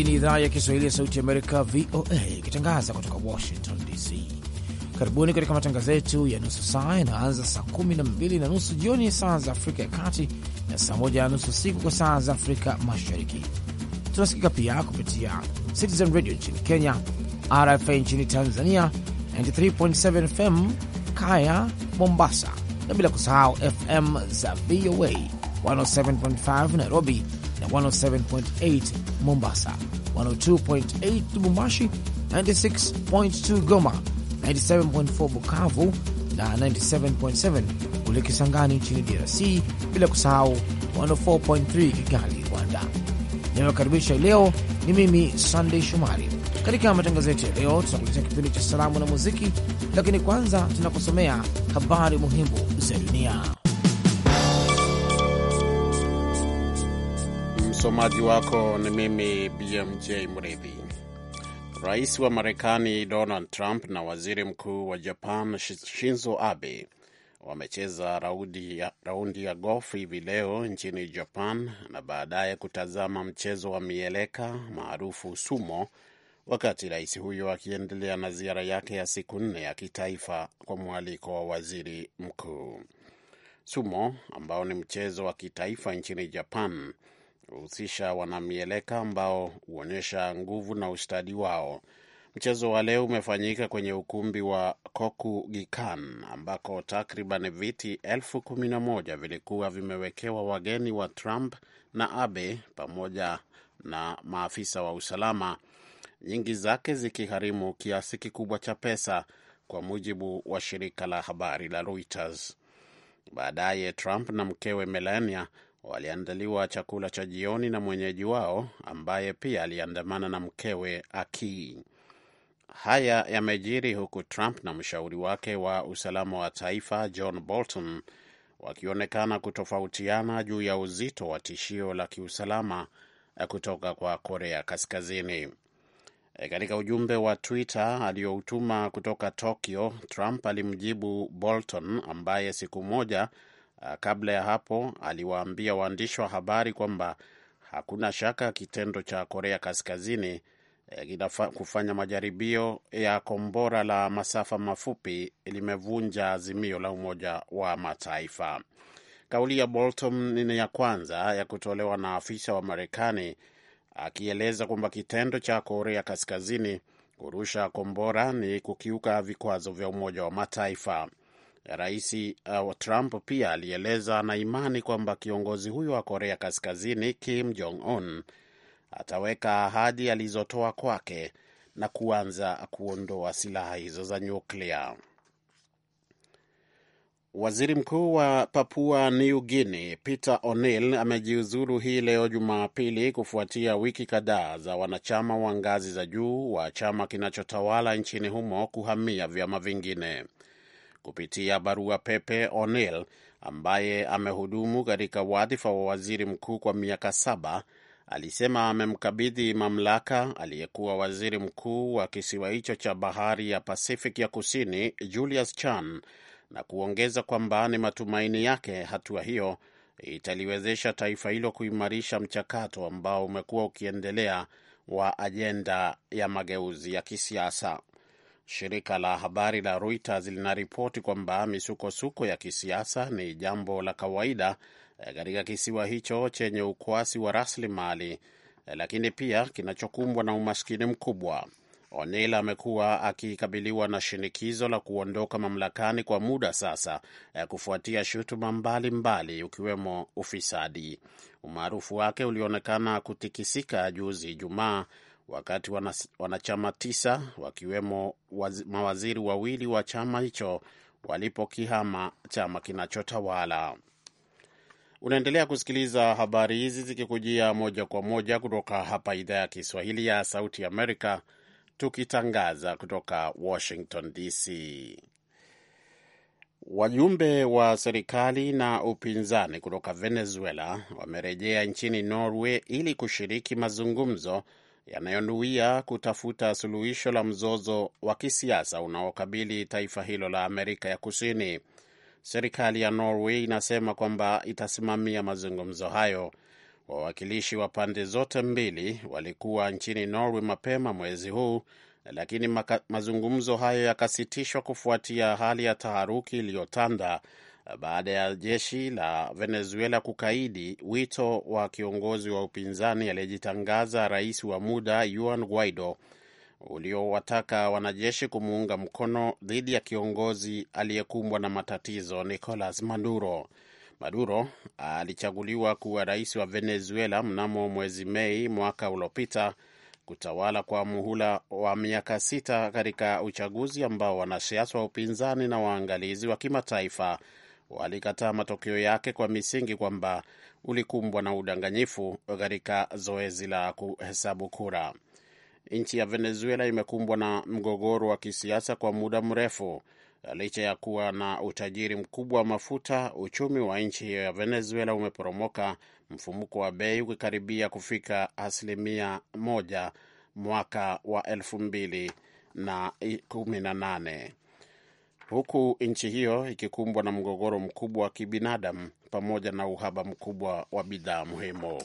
Hii ni idhaa ya Kiswahili ya Sauti ya Amerika, VOA, ikitangaza kutoka Washington DC. Karibuni katika matangazo yetu ya nusu saa yanaanza saa kumi na mbili na nusu jioni saa za Afrika ya Kati na saa moja na nusu usiku kwa saa za Afrika Mashariki. Tunasikika pia kupitia Citizen Radio nchini Kenya, RFA nchini Tanzania, 93.7 FM Kaya Mombasa, na bila kusahau FM za VOA 107.5 Nairobi na 107.8 Mombasa 102.8 Lubumbashi, 96.2 Goma, 97.4 Bukavu na 97.7 kule Kisangani nchini DRC, bila kusahau 104.3 Kigali, Rwanda. Inayokaribisha leo ni mimi Sandey Shomari. Katika matangazo yetu ya leo, tunakuletea kipindi cha salamu na muziki, lakini kwanza tunakusomea habari muhimu za dunia. Msomaji wako ni mimi BMJ Mridhi. Rais wa Marekani Donald Trump na waziri mkuu wa Japan Shinzo Abe wamecheza raundi ya, raundi ya golf hivi leo nchini Japan na baadaye kutazama mchezo wa mieleka maarufu sumo, wakati rais huyo akiendelea na ziara yake ya siku nne ya kitaifa kwa mwaliko wa waziri mkuu. Sumo ambao ni mchezo wa kitaifa nchini Japan huhusisha wanamieleka ambao huonyesha nguvu na ustadi wao. Mchezo wa leo umefanyika kwenye ukumbi wa gikan ambako takriban viti elfu kumi na moja vilikuwa vimewekewa wageni wa Trump na Abe pamoja na maafisa wa usalama, nyingi zake zikigharimu kiasi kikubwa cha pesa, kwa mujibu wa shirika la habari la Reuters. Baadaye Trump na mkewe Melania waliandaliwa chakula cha jioni na mwenyeji wao ambaye pia aliandamana na mkewe Aki. Haya yamejiri huku Trump na mshauri wake wa usalama wa taifa John Bolton wakionekana kutofautiana juu ya uzito wa tishio la kiusalama kutoka kwa Korea Kaskazini. E, katika ujumbe wa Twitter aliyoutuma kutoka Tokyo, Trump alimjibu Bolton ambaye siku moja Ah, kabla ya hapo aliwaambia waandishi wa habari kwamba hakuna shaka kitendo cha Korea Kaskazini eh, kufanya majaribio ya kombora la masafa mafupi limevunja azimio la Umoja wa Mataifa. Kauli ya Bolton ni ya kwanza ya kutolewa na afisa wa Marekani akieleza kwamba kitendo cha Korea Kaskazini kurusha kombora ni kukiuka vikwazo vya Umoja wa Mataifa. Rais uh, Trump pia alieleza na imani kwamba kiongozi huyo wa Korea Kaskazini Kim Jong Un ataweka ahadi alizotoa kwake na kuanza kuondoa silaha hizo za nyuklia. Waziri Mkuu wa Papua New Guinea Peter O'Neill amejiuzuru hii leo Jumapili kufuatia wiki kadhaa za wanachama wa ngazi za juu wa chama kinachotawala nchini humo kuhamia vyama vingine kupitia barua pepe O'Neill ambaye amehudumu katika wadhifa wa waziri mkuu kwa miaka saba alisema amemkabidhi mamlaka aliyekuwa waziri mkuu wa kisiwa hicho cha bahari ya Pacific ya kusini Julius Chan na kuongeza kwamba ni matumaini yake hatua hiyo italiwezesha taifa hilo kuimarisha mchakato ambao umekuwa ukiendelea wa ajenda ya mageuzi ya kisiasa. Shirika la habari la Reuters linaripoti kwamba misukosuko ya kisiasa ni jambo la kawaida eh, katika kisiwa hicho chenye ukwasi wa rasilimali, eh, lakini pia kinachokumbwa na umaskini mkubwa. O'Neill amekuwa akikabiliwa na shinikizo la kuondoka mamlakani kwa muda sasa, eh, kufuatia shutuma mbalimbali, ukiwemo ufisadi. Umaarufu wake ulionekana kutikisika juzi Ijumaa wakati wanachama tisa wakiwemo waz, mawaziri wawili wa chama hicho walipokihama chama kinachotawala. Unaendelea kusikiliza habari hizi zikikujia moja kwa moja kutoka hapa idhaa ya Kiswahili ya Sauti Amerika, tukitangaza kutoka Washington DC. Wajumbe wa serikali na upinzani kutoka Venezuela wamerejea nchini Norway ili kushiriki mazungumzo yanayonuia kutafuta suluhisho la mzozo wa kisiasa unaokabili taifa hilo la Amerika ya Kusini. Serikali ya Norway inasema kwamba itasimamia mazungumzo hayo. Wawakilishi wa pande zote mbili walikuwa nchini Norway mapema mwezi huu, lakini mazungumzo hayo yakasitishwa kufuatia hali ya taharuki iliyotanda baada ya jeshi la Venezuela kukaidi wito wa kiongozi wa upinzani aliyejitangaza rais wa muda Juan Guaido uliowataka wanajeshi kumuunga mkono dhidi ya kiongozi aliyekumbwa na matatizo Nicolas Maduro. Maduro alichaguliwa kuwa rais wa Venezuela mnamo mwezi Mei mwaka uliopita kutawala kwa muhula wa miaka sita katika uchaguzi ambao wanasiasa wa upinzani na waangalizi wa kimataifa walikataa matokeo yake kwa misingi kwamba ulikumbwa na udanganyifu katika zoezi la kuhesabu kura. Nchi ya Venezuela imekumbwa na mgogoro wa kisiasa kwa muda mrefu licha ya kuwa na utajiri mkubwa wa mafuta. Uchumi wa nchi hiyo ya Venezuela umeporomoka, mfumuko wa bei ukikaribia kufika asilimia moja mwaka wa elfu mbili na kumi na nane huku nchi hiyo ikikumbwa na mgogoro mkubwa wa kibinadamu pamoja na uhaba mkubwa wa bidhaa muhimu.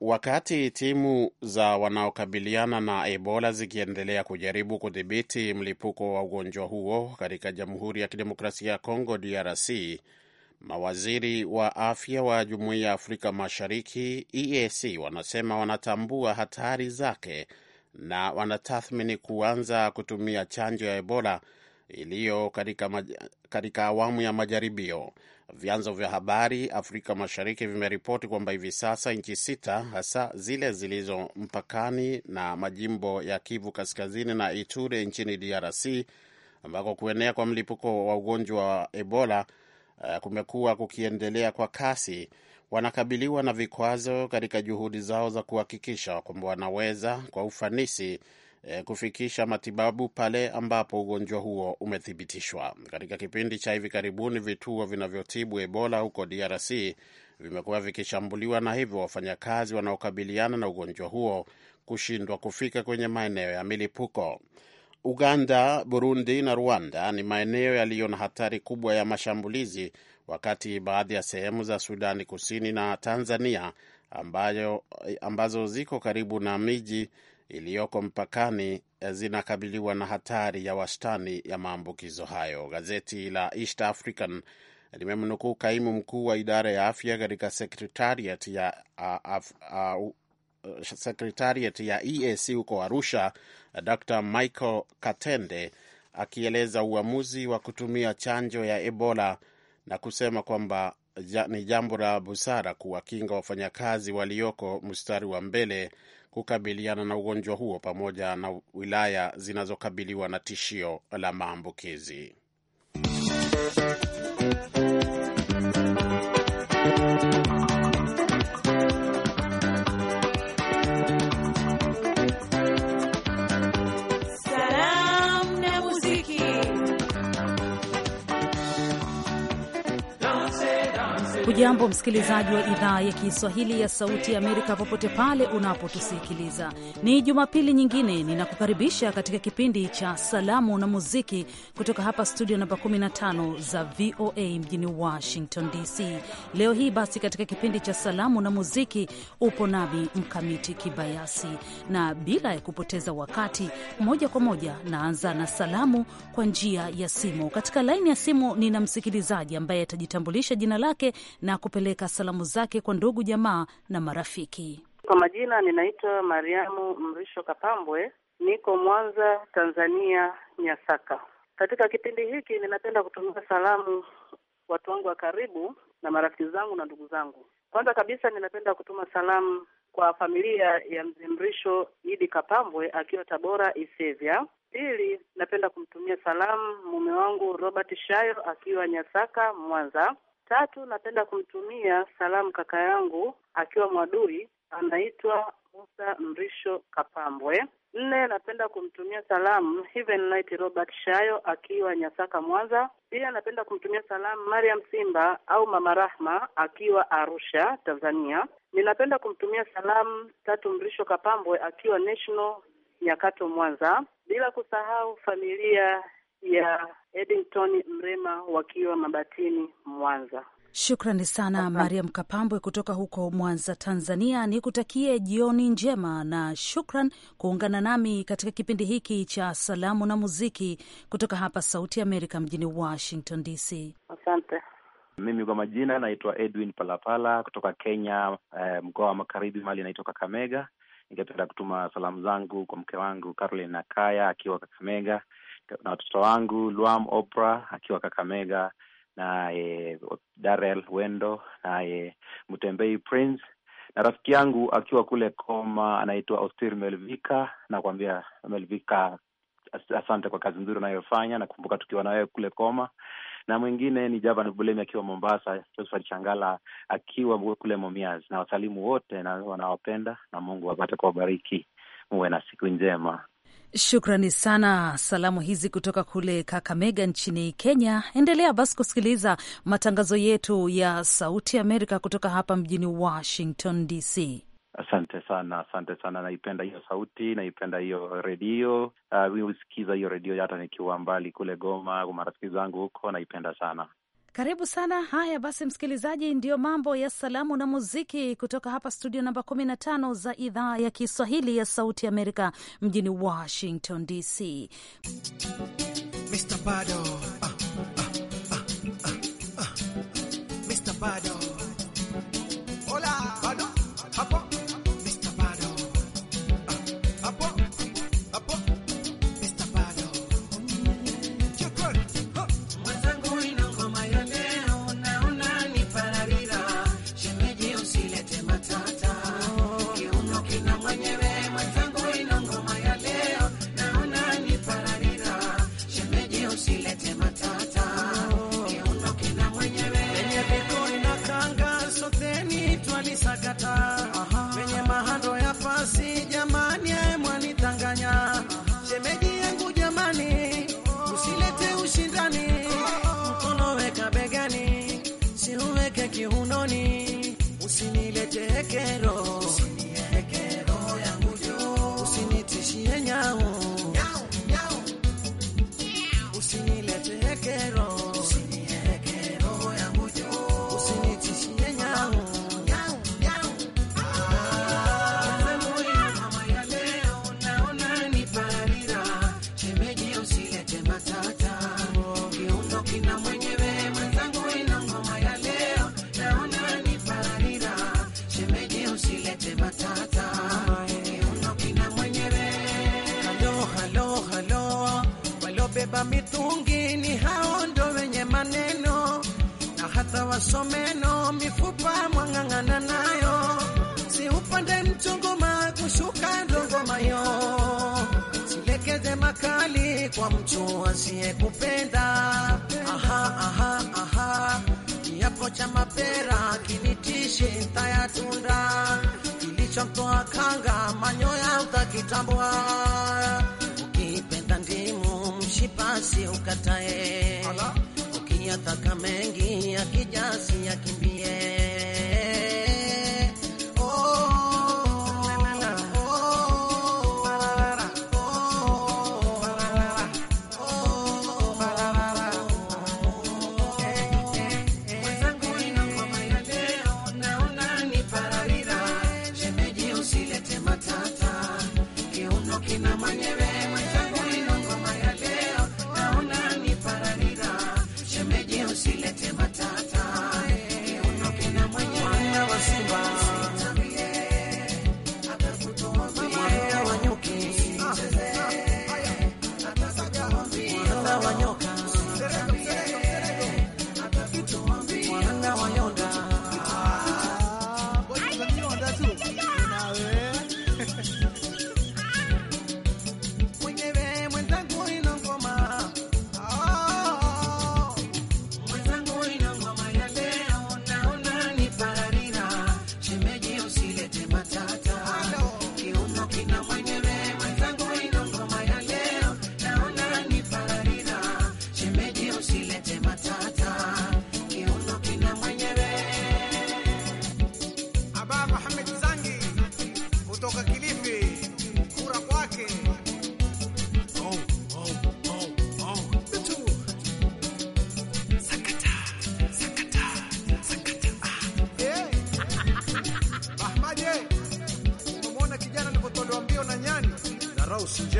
Wakati timu za wanaokabiliana na Ebola zikiendelea kujaribu kudhibiti mlipuko wa ugonjwa huo katika Jamhuri ya Kidemokrasia ya Kongo, DRC, mawaziri wa afya wa Jumuiya ya Afrika Mashariki, EAC, wanasema wanatambua hatari zake na wanatathmini kuanza kutumia chanjo ya Ebola iliyo katika awamu ya majaribio. Vyanzo vya habari Afrika Mashariki vimeripoti kwamba hivi sasa nchi sita hasa zile zilizo mpakani na majimbo ya Kivu Kaskazini na Ituri nchini DRC ambako kuenea kwa mlipuko wa ugonjwa wa Ebola uh, kumekuwa kukiendelea kwa kasi wanakabiliwa na vikwazo katika juhudi zao za kuhakikisha kwamba wanaweza kwa ufanisi e, kufikisha matibabu pale ambapo ugonjwa huo umethibitishwa. Katika kipindi cha hivi karibuni, vituo vinavyotibu Ebola huko DRC vimekuwa vikishambuliwa na hivyo wafanyakazi wanaokabiliana na ugonjwa huo kushindwa kufika kwenye maeneo ya milipuko. Uganda, Burundi na Rwanda ni maeneo yaliyo na hatari kubwa ya mashambulizi, wakati baadhi ya sehemu za Sudani Kusini na Tanzania ambayo, ambazo ziko karibu na miji iliyoko mpakani eh, zinakabiliwa na hatari ya wastani ya maambukizo hayo. Gazeti la East African limemnukuu kaimu mkuu wa idara ya afya katika sekretariat ya uh, uh, uh, Uh, sekretariat ya EAC huko Arusha, uh, Dr Michael Katende akieleza uamuzi wa kutumia chanjo ya Ebola na kusema kwamba ja, ni jambo la busara kuwakinga wafanyakazi walioko mstari wa mbele kukabiliana na ugonjwa huo pamoja na wilaya zinazokabiliwa na tishio la maambukizi. Hujambo msikilizaji wa idhaa ya Kiswahili ya Sauti ya Amerika, popote pale unapotusikiliza, ni Jumapili nyingine ninakukaribisha katika kipindi cha Salamu na Muziki kutoka hapa studio namba 15 za VOA mjini Washington DC. Leo hii basi, katika kipindi cha Salamu na Muziki upo nami Mkamiti Kibayasi, na bila ya kupoteza wakati, moja kwa moja naanza na salamu kwa njia ya simu. Katika laini ya simu nina msikilizaji ambaye atajitambulisha jina lake na kupeleka salamu zake kwa ndugu jamaa na marafiki. Kwa majina ninaitwa Mariamu Mrisho Kapambwe, niko Mwanza, Tanzania, Nyasaka. Katika kipindi hiki ninapenda kutumia salamu watu wangu wa karibu na marafiki zangu na ndugu zangu. Kwanza kabisa ninapenda kutuma salamu kwa familia ya mzee Mrisho Idi Kapambwe akiwa Tabora Isevya. Pili, napenda kumtumia salamu mume wangu Robert Shayo akiwa Nyasaka Mwanza. Tatu, napenda kumtumia salamu kaka yangu akiwa Mwadui, anaitwa Musa Mrisho Kapambwe. Nne, napenda kumtumia salamu Heaven Light Robert Shayo akiwa Nyasaka, Mwanza. Pia napenda kumtumia salamu Mariam Simba au Mama Rahma akiwa Arusha, Tanzania. Ninapenda kumtumia salamu Tatu Mrisho Kapambwe akiwa National Nyakato, Mwanza, bila kusahau familia ya Edington Mrema wakiwa Mabatini, Mwanza. Shukrani sana Mariam Kapambwe kutoka huko Mwanza, Tanzania. ni kutakie jioni njema na shukran kuungana nami katika kipindi hiki cha salamu na muziki kutoka hapa Sauti ya Amerika mjini Washington DC. Asante. Mimi kwa majina naitwa Edwin Palapala kutoka Kenya, eh, mkoa wa Magharibi, mali naitwa Kakamega. Ningependa kutuma salamu zangu kwa mke wangu Caroline Nakaya akiwa Kakamega, na watoto wangu Luam Opra akiwa Kakamega, naye Darel Wendo, naye Mtembei Prince na rafiki yangu akiwa kule Koma anaitwa Austir Melvika. Nakwambia Melvika, asante kwa kazi nzuri unayofanya. Nakumbuka tukiwa na wewe kule Koma na mwingine ni Javan Bulemi akiwa Mombasa, Josephat Changala akiwa kule Mumias, na wasalimu wote na wanawapenda, na Mungu wapate kuwabariki, muwe na siku njema. Shukrani sana, salamu hizi kutoka kule Kakamega nchini Kenya. Endelea basi kusikiliza matangazo yetu ya Sauti Amerika kutoka hapa mjini Washington DC. Asante sana, asante sana. Naipenda hiyo sauti, naipenda hiyo redio. Ah, mi uh, husikiza hiyo redio hata nikiwa mbali kule Goma, marafiki zangu huko, naipenda sana. Karibu sana. Haya basi, msikilizaji, ndiyo mambo ya salamu na muziki kutoka hapa studio namba 15 za idhaa ya Kiswahili ya Sauti Amerika mjini Washington DC. Mr. Bado. Uh, ah, uh, ah, uh, ah, uh, uh. Mr. Bado. wasomeno mifupa mwang'ang'ana nayo, si upande mchongoma kushuka ndongomayo, silekeze makali kwa mtu asiyekupenda. Aha, aha, aha, kiapo cha mapera kinitishe ntayatunda, kilichotoa kanga manyoya utakitambua. Ukipenda ndimu mshipasi ukatae Ala ataka mengi, akijasi akimbie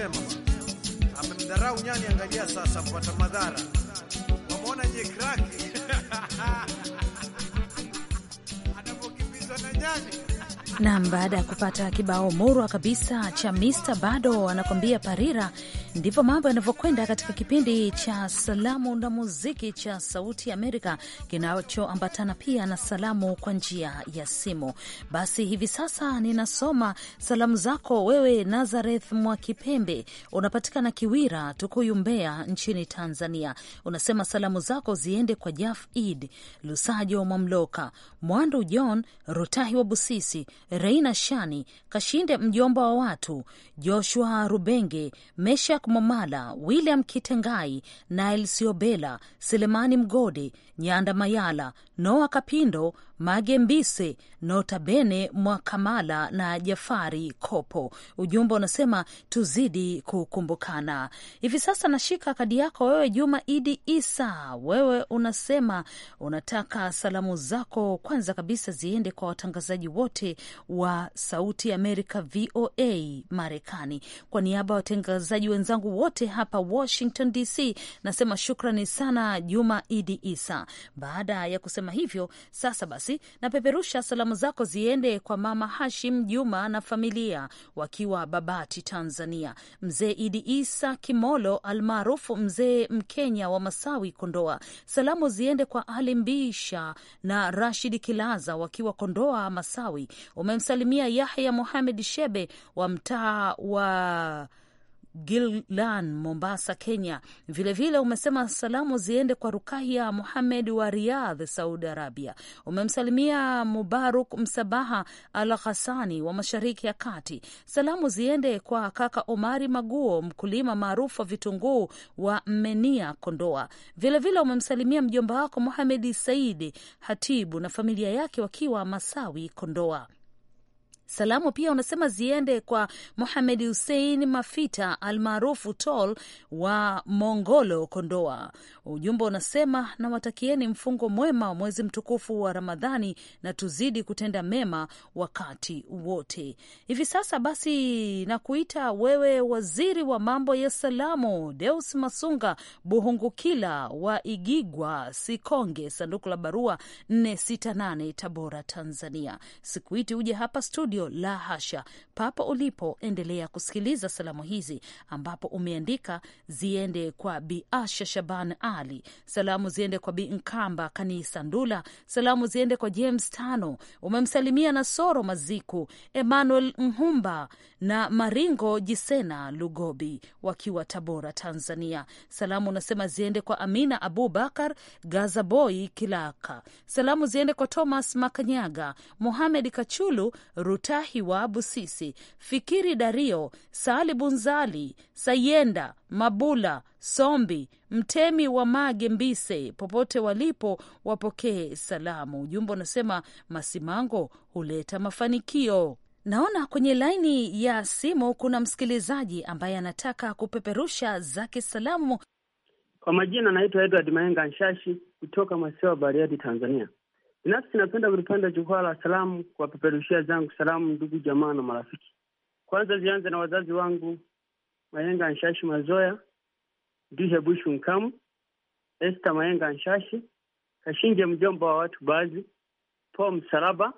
njema. Amemdharau nyani, angalia sasa, mpata madhara. Wameona je kraki anapokimbizwa na nyani nam. Baada ya kupata kibao murwa kabisa cha Mr Bado anakwambia parira Ndivyo mambo yanavyokwenda katika kipindi cha salamu na muziki cha Sauti Amerika kinachoambatana pia na salamu kwa njia ya simu. Basi hivi sasa ninasoma salamu zako wewe, Nazareth Mwakipembe, unapatikana Kiwira, Tukuyu, Mbeya nchini Tanzania. Unasema salamu zako ziende kwa Jaf ed Lusajo, Mwamloka Mwandu, John Rutahi wa Busisi, Reina Shani Kashinde, mjomba wa watu, Joshua Rubenge Mesha Isaac Momala, William Kitengai, nail Siobela, Selemani Mgode, Nyanda Mayala, Noah Kapindo, Magembise, Notabene Mwakamala na Jafari Kopo. Ujumbe unasema tuzidi kukumbukana. Hivi sasa nashika kadi yako wewe, Juma Idi Isa. Wewe unasema unataka salamu zako kwanza kabisa ziende kwa watangazaji wote wa Sauti Amerika VOA Marekani. Kwa niaba ya watangazaji wenzangu wote hapa Washington DC, nasema shukrani sana Juma Idi Isa. Baada ya kusema hivyo, sasa basi basi napeperusha salamu zako ziende kwa Mama Hashim Juma na familia wakiwa Babati, Tanzania, Mzee Idi Isa Kimolo almaarufu Mzee Mkenya wa Masawi, Kondoa. Salamu ziende kwa Ali Mbisha na Rashid Kilaza wakiwa Kondoa Masawi. Umemsalimia Yahya Muhamed Shebe wa mtaa wa Gillan, Mombasa, Kenya. Vilevile vile umesema salamu ziende kwa Rukaya Muhamed wa Riyadh, Saudi Arabia. Umemsalimia Mubaruk Msabaha Al Ghasani wa Mashariki ya Kati. Salamu ziende kwa kaka Omari Maguo, mkulima maarufu wa vitunguu wa Mmenia, Kondoa. Vilevile vile umemsalimia mjomba wako Muhamedi Saidi Hatibu na familia yake wakiwa Masawi, Kondoa. Salamu pia wanasema ziende kwa muhamed Hussein Mafita almaarufu Tol wa Mongolo, Kondoa. Ujumbe unasema nawatakieni mfungo mwema wa mwezi mtukufu wa Ramadhani na tuzidi kutenda mema wakati wote. Hivi sasa basi, nakuita wewe waziri wa mambo ya salamu, Deus Masunga Buhungukila wa Igigwa, Sikonge, sanduku la barua 468 Tabora, Tanzania. Sikuiti uje hapa studio hiyo, la hasha. Papo ulipo endelea kusikiliza salamu hizi, ambapo umeandika ziende kwa Bi Asha Shaban Ali, salamu ziende kwa Bi Nkamba Kanisa Ndula, salamu ziende kwa James Tano, umemsalimia na Soro Maziku, Emmanuel Mhumba na Maringo Jisena Lugobi wakiwa Tabora, Tanzania. Salamu unasema ziende kwa Amina Abubakar Gazaboi Kilaka, salamu ziende kwa Thomas Makanyaga, muhamed Kachulu Ruta Rutahiwa Busisi, Fikiri Dario, Sali Bunzali, Sayenda Mabula, Sombi Mtemi wa Mage Mbise, popote walipo wapokee salamu. Ujumbe unasema masimango huleta mafanikio. Naona kwenye laini ya simu kuna msikilizaji ambaye anataka kupeperusha zake salamu. Kwa majina, naitwa Edward Maenga Nshashi kutoka Masewa, Bariadi, Tanzania. Binafsi napenda kulipenda jukwaa la salamu kuwapeperushia zangu salamu ndugu jamaa na marafiki. Kwanza zianze na wazazi wangu Mayenga Nshashi Mazoya, Dihe Bushu Nkamu, Esther Mayenga Nshashi, Kashinje mjomba wa watu baadhi, Paul Msalaba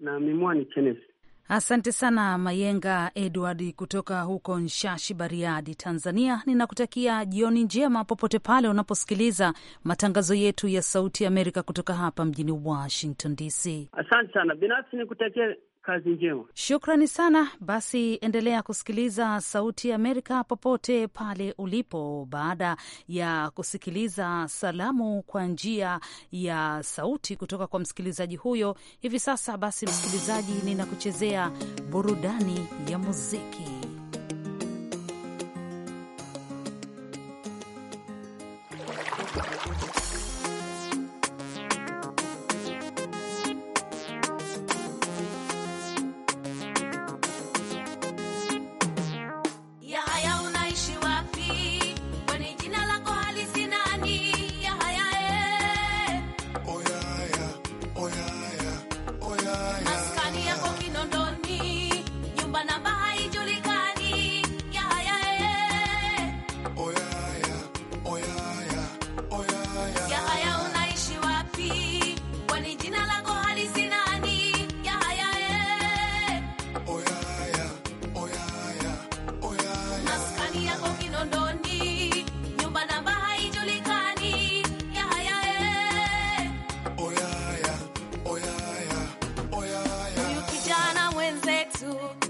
na Mimwani Kenneth. Asante sana Mayenga Edward kutoka huko Nshashi, Bariadi, Tanzania. Ninakutakia jioni njema popote pale unaposikiliza matangazo yetu ya Sauti ya Amerika kutoka hapa mjini Washington DC. Asante sana binafsi nikutakia kazi njema. Shukrani sana. Basi endelea kusikiliza Sauti ya Amerika popote pale ulipo. Baada ya kusikiliza salamu kwa njia ya sauti kutoka kwa msikilizaji huyo, hivi sasa basi, msikilizaji, ninakuchezea burudani ya muziki.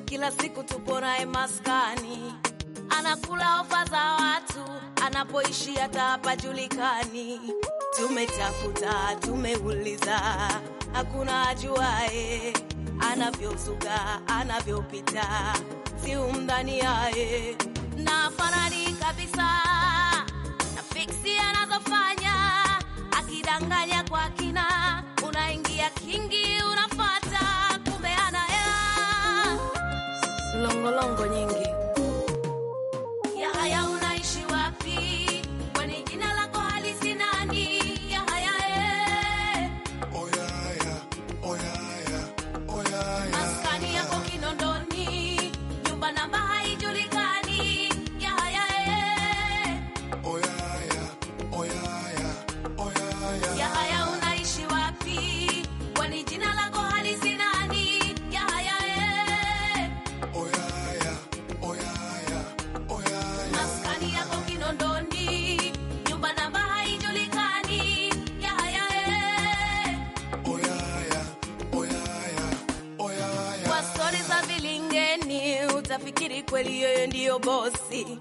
kila siku tupo naye maskani, anakula ofa za watu, anapoishi hata hapajulikani. Tumetafuta, tumeuliza, hakuna ajuae anavyozuka, anavyopita, si umdhani yaye na farani kabisa na fiksi anazofanya, akidanganya kwa kina, unaingia kingi una mlolongo nyingi kweli yeye ndiyo bosi,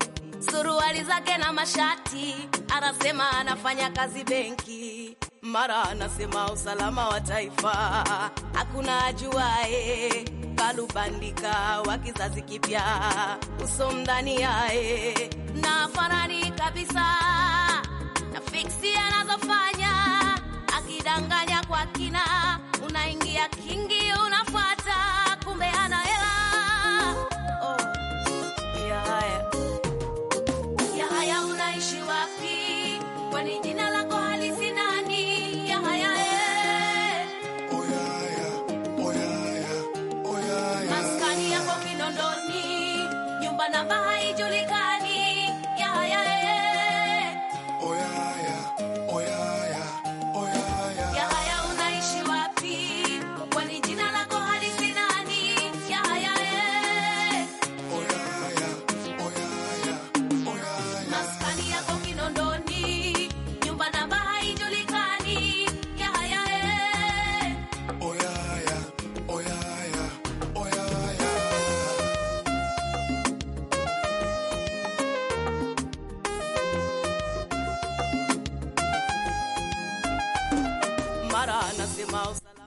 suruali zake na mashati, anasema anafanya kazi benki, mara anasema usalama wa taifa, hakuna ajuae. balubandika wa kizazi kipya, uso mdani yae na farani kabisa na fiksi anazofanya, akidanganya kwa kina, unaingia kingi una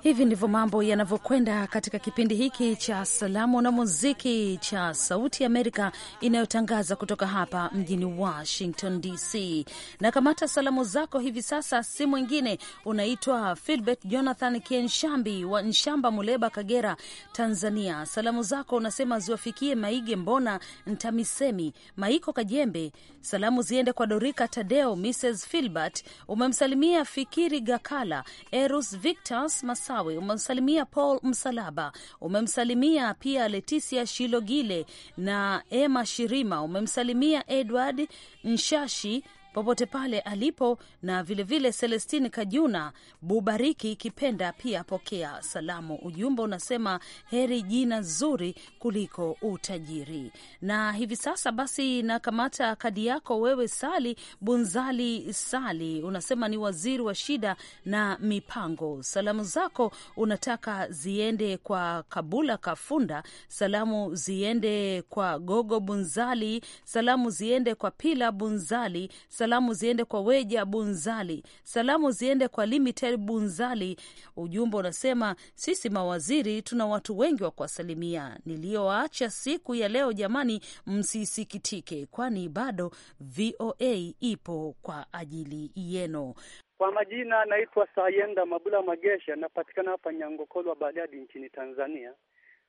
Hivi ndivyo mambo yanavyokwenda katika kipindi hiki cha salamu na muziki cha Sauti Amerika inayotangaza kutoka hapa mjini Washington DC. Na kamata salamu zako hivi sasa, si mwingine unaitwa Filbert Jonathan Kienshambi wa Nshamba, Muleba, Kagera, Tanzania. Salamu zako unasema ziwafikie Maige Mbona Ntamisemi, Maiko Kajembe. Salamu ziende kwa Dorika Tadeo, Mrs Filbert. Umemsalimia Fikiri Gakala, Erus Victos Masa Masawi, umemsalimia Paul Msalaba, umemsalimia pia Leticia Shilogile na Emma Shirima, umemsalimia Edward Nshashi popote pale alipo, na vilevile Celestine Kajuna Bubariki Kipenda pia pokea salamu. Ujumbe unasema heri jina zuri kuliko utajiri. Na hivi sasa basi nakamata kadi yako wewe, Sali Bunzali Sali, unasema ni waziri wa shida na mipango. Salamu zako unataka ziende kwa Kabula Kafunda, salamu ziende kwa Gogo Bunzali, salamu ziende kwa Pila Bunzali, salamu salamu ziende kwa Weja Bunzali, salamu ziende kwa Limited Bunzali. Ujumbe unasema sisi mawaziri tuna watu wengi wa kuwasalimia. Niliyoacha siku ya leo, jamani, msisikitike, kwani bado VOA ipo kwa ajili yenu. Kwa majina naitwa Sayenda Mabula Magesha, napatikana hapa Nyangokolwa, Bariadi, nchini Tanzania.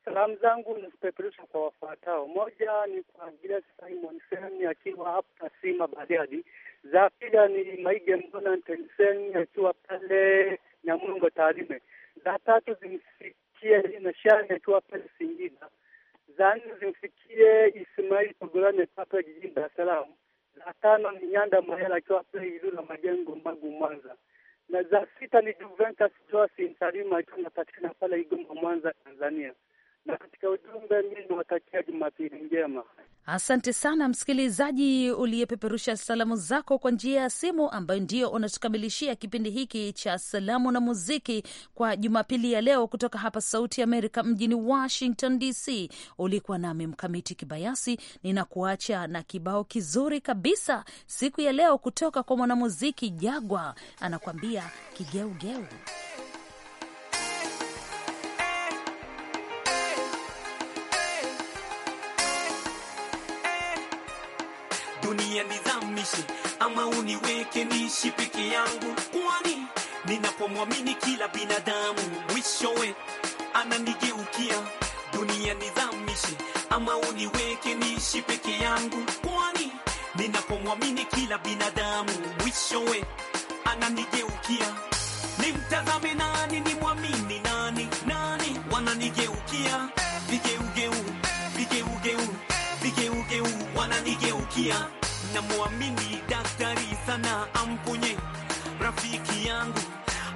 Salamu zangu nazipeperusha kwa wafuatao. Moja ni kwa Gilesi Simon Seni akiwa hapa Sima Bariadi za pili ni Maige Mbona Nteliseni akiwa pale Nyamungo Tarime, za tatu zimfikie Lina Shani akiwa pale Singida, za nne zimfikie Ismail Togolani akiwa pale jijini Dar es Salaam, za tano ni Nyanda Mayala akiwa pale Ilula Majengo Magu Mwanza, na za sita ni Juventus Joasi Msalima akiwa napatikana pale Igomba Mwanza Tanzania na katika ujumbe mimi niwatakia Jumapili njema. Asante sana msikilizaji uliyepeperusha salamu zako kwa njia ya simu, ambayo ndio unatukamilishia kipindi hiki cha salamu na muziki kwa Jumapili ya leo, kutoka hapa Sauti ya Amerika mjini Washington DC. Ulikuwa nami Mkamiti Kibayasi, ninakuacha na kibao kizuri kabisa siku ya leo kutoka kwa mwanamuziki Jagwa, anakuambia kigeugeu. dunia nizamishe, ama uniweke nishi peke yangu, kwani ninapomwamini kila binadamu mwishowe ananigeukia. Dunia nizamishe, ama uniweke nishi peke yangu, kwani ninapomwamini kila binadamu mwishowe ananigeukia. Nimtazame nani, nimwamini nani? Nani wananigeukia? Vigeugeu, vigeugeu, vigeugeu wananigeukia namwamini daktari sana, amponye rafiki yangu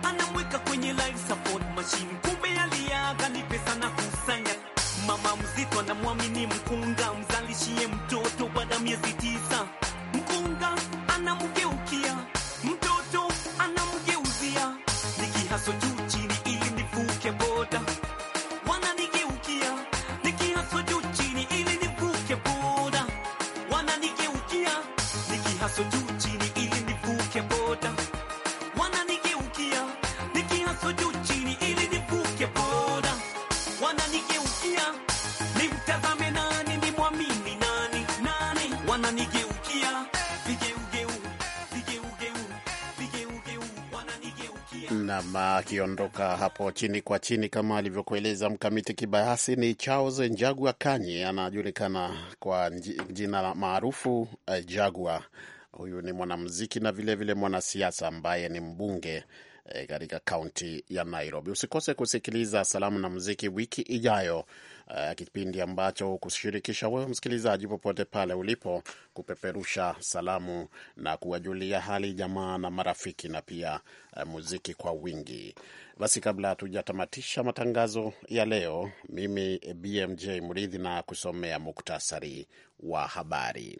anamweka kwenye life support machine, kumbe aliaga ni pesa na kusanya. Mama mzito anamwamini mkunga, mzalishie mtoto baada miezi tisa Nam akiondoka hapo chini kwa chini, kama alivyokueleza mkamiti kibayasi, ni Charles Njagua Kanyi, anajulikana kwa jina maarufu eh, Jagua. Huyu ni mwanamziki na vilevile mwanasiasa ambaye ni mbunge eh, katika eh, kaunti ya Nairobi. Usikose kusikiliza salamu na muziki wiki ijayo uh, kipindi ambacho kushirikisha wewe msikilizaji, popote pale ulipo, kupeperusha salamu na kuwajulia hali jamaa na marafiki na pia uh, muziki kwa wingi. Basi kabla hatujatamatisha matangazo ya leo, mimi eh, BMJ Mridhi na kusomea muktasari wa habari.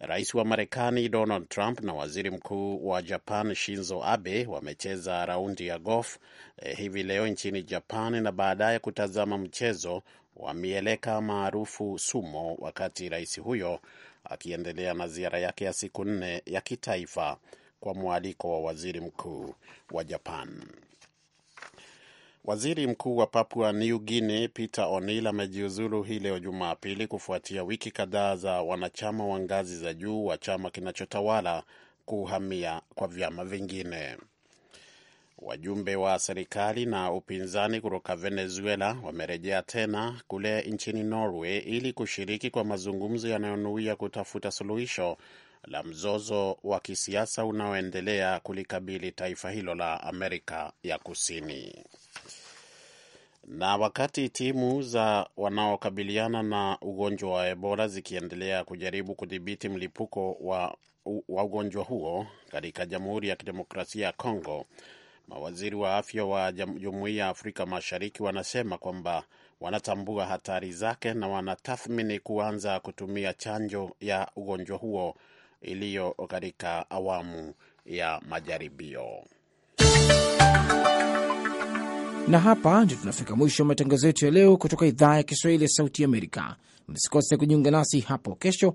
Rais wa Marekani Donald Trump na waziri mkuu wa Japan Shinzo Abe wamecheza raundi ya golf eh, hivi leo nchini Japan na baadaye kutazama mchezo wa mieleka maarufu sumo, wakati rais huyo akiendelea na ziara yake ya siku nne ya kitaifa kwa mwaliko wa waziri mkuu wa Japan. Waziri mkuu wa Papua New Guinea Peter O'Neill amejiuzulu hii leo Jumapili kufuatia wiki kadhaa za wanachama wa ngazi za juu wa chama kinachotawala kuhamia kwa vyama vingine. Wajumbe wa serikali na upinzani kutoka Venezuela wamerejea tena kule nchini Norway ili kushiriki kwa mazungumzo yanayonuia kutafuta suluhisho la mzozo wa kisiasa unaoendelea kulikabili taifa hilo la Amerika ya Kusini. Na wakati timu za wanaokabiliana na ugonjwa wa Ebola zikiendelea kujaribu kudhibiti mlipuko wa, wa ugonjwa huo katika Jamhuri ya Kidemokrasia ya Kongo, Mawaziri wa afya wa Jumuiya ya Afrika Mashariki wanasema kwamba wanatambua hatari zake na wanatathmini kuanza kutumia chanjo ya ugonjwa huo iliyo katika awamu ya majaribio. Na hapa ndio tunafika mwisho wa matangazo yetu ya leo kutoka idhaa ya Kiswahili ya Sauti Amerika. Msikose kujiunga nasi hapo kesho